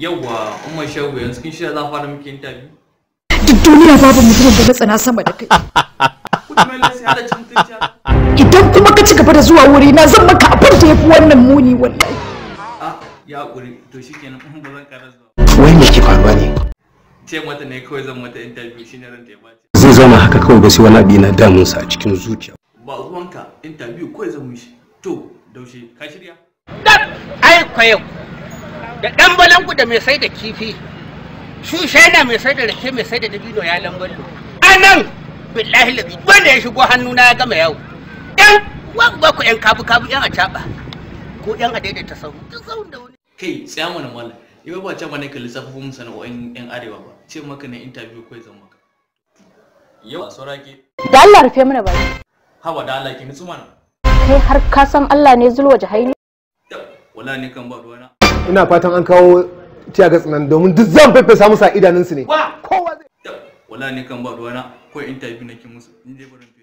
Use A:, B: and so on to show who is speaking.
A: Yawwa, Umar Shehu yanzu kin shirya za fara miki interview? Duk duniya babu mutumin da na tsana sama da kai. Idan kuma ka ci gaba da zuwa wuri na zan maka abin da ya fi wannan muni wallahi. Ah, ya ƙuri, to shi kenan in ba zan ƙara zuwa. Wai me faruwa ne? Ce mata ne kawai zan mata interview shi ne ran da ya bace. Zai zauna haka kawai ba sai wani abu yana damunsa a cikin zuciya. Ba ruwanka interview kawai zan mishi. To, daushe, ka shirya? Ai, kwayo, da ɗan balangu da mai sai da kifi shi yana mai sai da rake mai sai da dabino ya lambalo a nan billahi lazi wanda ya shigo hannuna ya gama yau? ɗan wanda ku ƴan kabu kabu ƴan acaɓa ko ƴan ta sahu duk sahun da wani. kai tsaya mana mallam yau ba ce mana kalli safofin sana'o'in yan arewa ba ce maka na interview ko zan maka yau a da Allah rufe mana baki. hawa da Allah ki nutsu mana. kai har ka san Allah ne zulwa jahaini. wala ne kan ba ruwana. ina fatan an kawo tiya gas nan domin duk zan fefesa musu a idanunsu ne kowa zai wala ne kan ba ruwana ko interview nake musu ni dai barin